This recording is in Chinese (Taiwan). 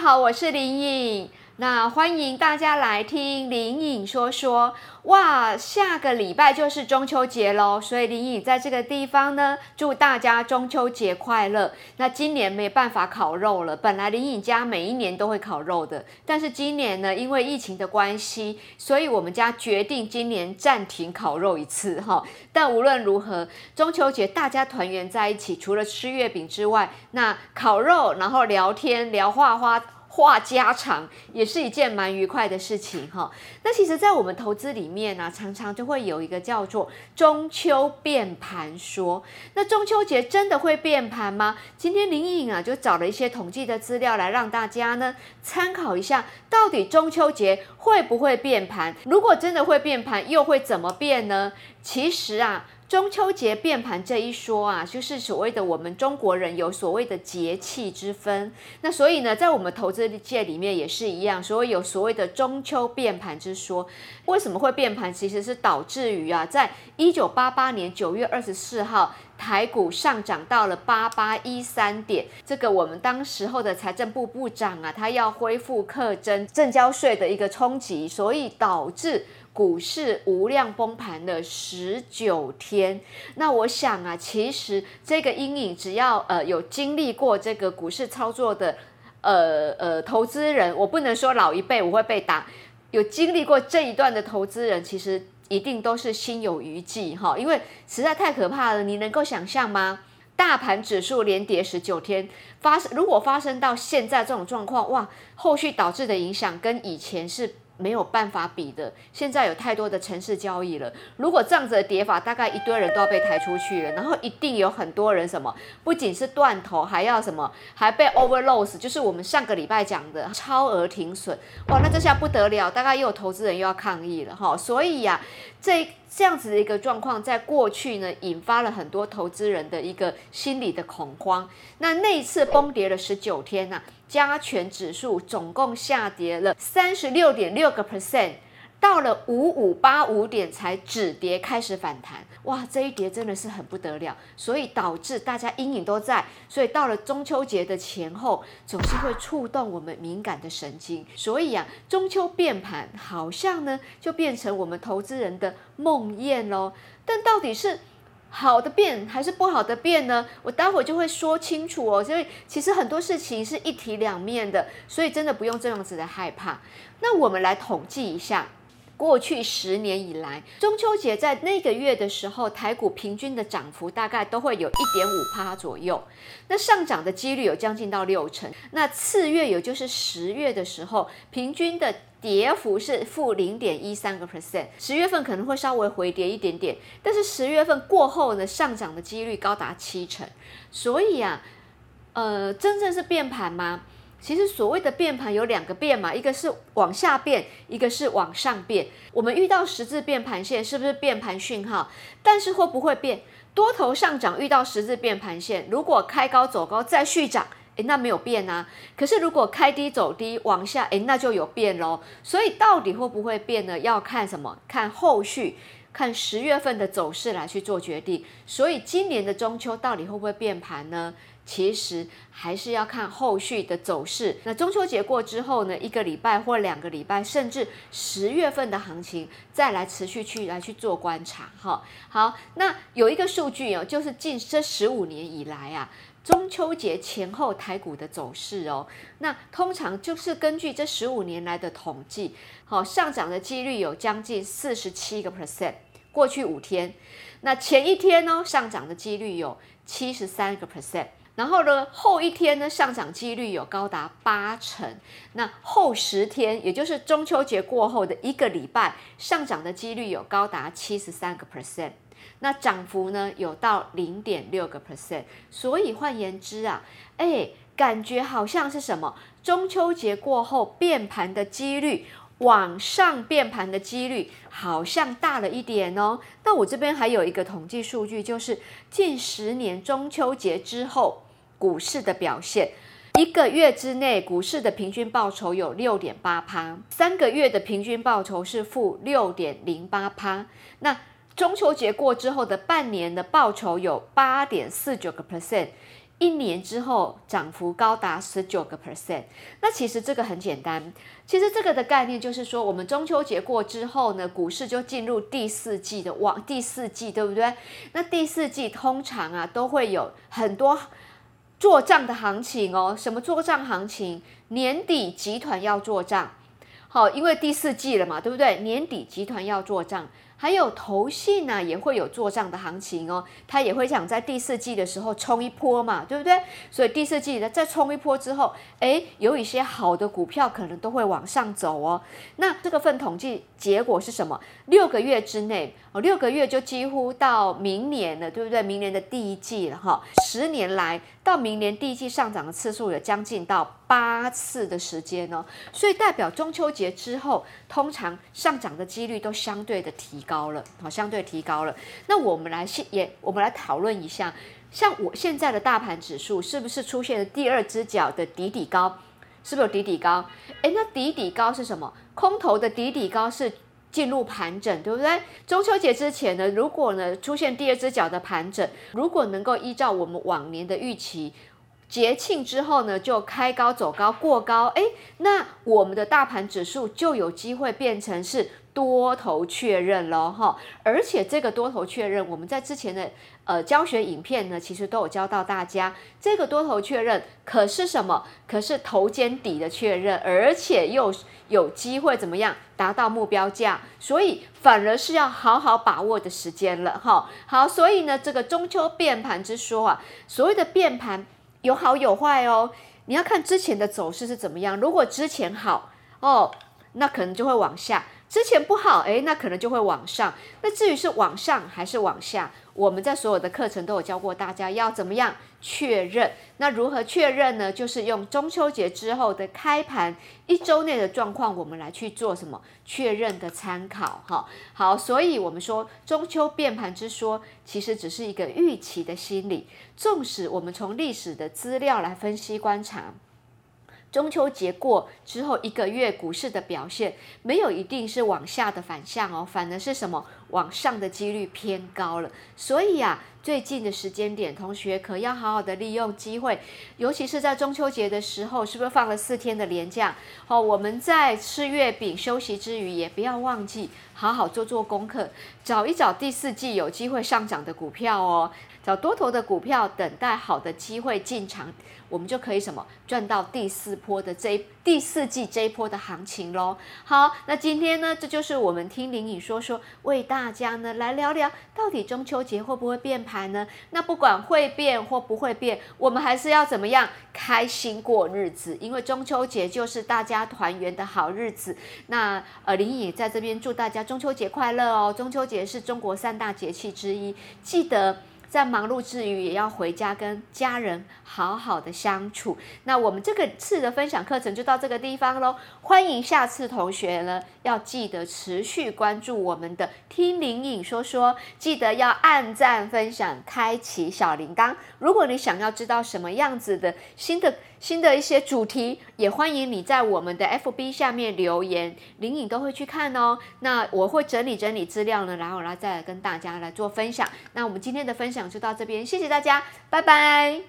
大家好，我是林穎。那歡迎大家來聽林穎說說哇，下個禮拜就是中秋節嘍，所以林穎在這個地方呢，祝大家中秋節快樂。那今年沒辦法烤肉了，本來林穎家每一年都會烤肉的，但是今年呢，因為疫情的關係，所以我們家決定今年暫停烤肉一次哈。但無論如何，中秋節大家團圓在一起，除了吃月餅之外，那烤肉，然後聊天，聊畫花。話家常也是一件蠻愉快的事情哈。那其實，在我們投資裡面呢、啊，常常就會有一個叫做“中秋變盤說”。那中秋節真的會變盤嗎？今天林穎啊，就找了一些統計的資料來讓大家呢參考一下，到底中秋節會不會變盤？如果真的會變盤，又會怎麼變呢？其實啊，中秋節變盤這一說啊，就是所謂的我們中國人有所謂的節氣之分。那所以呢，在我們投資界裡面也是一樣，所以有所謂的中秋變盤之說。為什麼會變盤？其實是導致於啊，在一九八八年九月二十四號，台股上漲到了八八一三點。這個我們當時候的財政部部長啊，他要恢復課徵證交稅的一個衝擊，所以導致股市無量崩盤的十九天，那我想啊，其實這個陰影，只要呃有經歷過這個股市操作的，呃呃投資人，我不能說老一輩我會被打，有經歷過這一段的投資人，其實一定都是心有餘悸哈、哦，因為實在太可怕了。你能夠想象嗎？大盤指數連跌十九天，發生如果發生到現在這種狀況，哇，後續導致的影響跟以前是。沒有辦法比的。現在有太多的程式交易了。如果這樣子的跌法，大概一堆人都要被抬出去了。然後一定有很多人什麼，不僅是斷頭，還要什麼，還被 over loss，就是我們上個禮拜講的超額停損。哇，那這下不得了，大概又有投資人又要抗議了哈、哦。所以呀、啊，這這樣子的一個狀況，在過去呢，引發了很多投資人的一個心理的恐慌。那那一次崩跌了十九天呢、啊？加權指數總共下跌了三十六點六個 percent，到了五五八五點才止跌開始反彈。哇，這一跌真的是很不得了，所以導致大家陰影都在。所以到了中秋節的前後，總是會觸動我們敏感的神經。所以呀、啊，中秋變盤好像呢，就變成我們投資人的夢魘嘍。但到底是？好的變還是不好的變呢？我待會兒就會說清楚哦。所以其實很多事情是一體兩面的，所以真的不用這樣子的害怕。那我們來統計一下，過去十年以來，中秋節在那個月的時候，台股平均的漲幅大概都會有一點五趴左右，那上漲的幾率有將近到六成。那次月也就是十月的時候，平均的。跌幅是負零點一三個 percent，十月份可能會稍微回跌一點點，但是十月份過後呢，上漲的幾率高達七成。所以啊，呃，真正是變盤嗎？其實所謂的變盤有兩個變嘛，一個是往下變，一個是往上變。我們遇到十字變盤線是不是變盤訊號？但是會不會變？多頭上漲遇到十字變盤線，如果開高走高再續漲。那沒有變啊，可是如果開低走低往下，誒，那就有變嘍。所以到底會不會變呢？要看什麼？看後續，看十月份的走勢來去做決定。所以今年的中秋到底會不會變盤呢？其實還是要看後續的走勢。那中秋節過之後呢，一個禮拜或兩個禮拜，甚至十月份的行情再來持續去來去做觀察。哈，好，那有一個數據哦，就是近這十五年以來啊。中秋節前後台股的走勢哦，那通常就是根據這十五年來的統計，好、哦、上漲的幾率有將近四十七個 percent。過去五天，那前一天呢、哦、上漲的幾率有七十三個 percent，然後呢，後一天呢，上漲幾率有高達八成。那後十天，也就是中秋節過後的一個禮拜，上漲的幾率有高達七十三個 percent。那漲幅呢？有到零點六個 percent。所以換言之啊，誒，感覺好像是什麼？中秋節過後變盤的幾率，往上變盤的幾率好像大了一點哦、喔。那我這邊還有一個統計數據，就是近十年中秋節之後股市的表現，一個月之內股市的平均報酬有六點八趴，三個月的平均報酬是負六點零八趴。那中秋節過之後的半年的報酬有八點四九個 percent，一年之後漲幅高達十九個 percent。那其實這個很簡單，其實這個的概念就是說，我們中秋節過之後呢，股市就進入第四季的往第四季，對不對？那第四季通常啊都會有很多做賬的行情哦、喔，什麼做賬行情？年底集團要做賬，好，因為第四季了嘛，對不對？年底集團要做賬。還有投信呢、啊，也會有做帳的行情哦，他也會想在第四季的時候衝一波嘛，對不對？所以第四季呢，再衝一波之後，哎，有一些好的股票可能都會往上走哦。那這個份統計結果是什麼？六個月之內哦，六個月就幾乎到明年了，對不對？明年的第一季了哈，十年來到明年第一季上漲的次數有將近到。八次的時間呢、哦，所以代表中秋節之後，通常上漲的幾率都相對的提高了，好，相對提高了。那我們來現也，我們來討論一下，像我現在的大盤指數是不是出現了第二隻腳的底底高？是不是有底底高？誒，那底底高是什麼？空頭的底底高是進入盤整，對不對？中秋節之前呢，如果呢出現第二隻腳的盤整，如果能夠依照我們往年的預期。節慶之後呢，就開高走高，過高，哎，那我們的大盤指數就有機會變成是多頭確認了。哈，而且這個多頭確認，我們在之前的呃教學影片呢，其實都有教到大家，這個多頭確認可是什麼？可是頭肩底的確認，而且又有，有機會怎麼樣達到目標價，所以反而是要好好把握的時間了，哈，好，所以呢，這個中秋變盤之說啊，所謂的變盤。有好有壞哦，你要看之前的走勢是怎麼樣。如果之前好哦，那可能就會往下；之前不好，哎、欸，那可能就會往上。那至於是往上還是往下？我們在所有的課程都有教過大家要怎麼樣確認，那如何確認呢？就是用中秋節之後的開盤一周內的狀況，我們來去做什麼確認的參考哈。好，所以我們說中秋變盤之說，其實只是一個預期的心理。縱使我們從歷史的資料來分析觀察。中秋節過之後一個月，股市的表現沒有一定是往下的反向哦，反而是什麼往上的幾率偏高了。所以啊，最近的時間點，同學可要好好的利用機會，尤其是在中秋節的時候，是不是放了四天的連假？哦，我們在吃月餅休息之餘，也不要忘記好好做做功課，找一找第四季有機會上漲的股票哦。找多頭的股票，等待好的機會進場，我們就可以什麼賺到第四波的這一第四季這一波的行情嘍。好，那今天呢，這就是我們聽林穎說說，為大家呢來聊聊，到底中秋節會不會變盤呢？那不管會變或不會變，我們還是要怎麼樣開心過日子，因為中秋節就是大家團圓的好日子。那呃，林穎在這邊祝大家中秋節快樂哦！中秋節是中國三大節氣之一，記得。在忙碌之餘，也要回家跟家人好好的相處。那我們這個次的分享課程就到這個地方嘍。歡迎下次同學呢，要記得持續關注我們的“聽林穎說說”，記得要按讚、分享、開啟小鈴鐺。如果你想要知道什麼樣子的新的。新的一些主題，也歡迎你在我們的 FB 下面留言，林穎都會去看哦。那我會整理整理資料呢，然後再來再跟大家來做分享。那我們今天的分享就到這邊，謝謝大家，拜拜。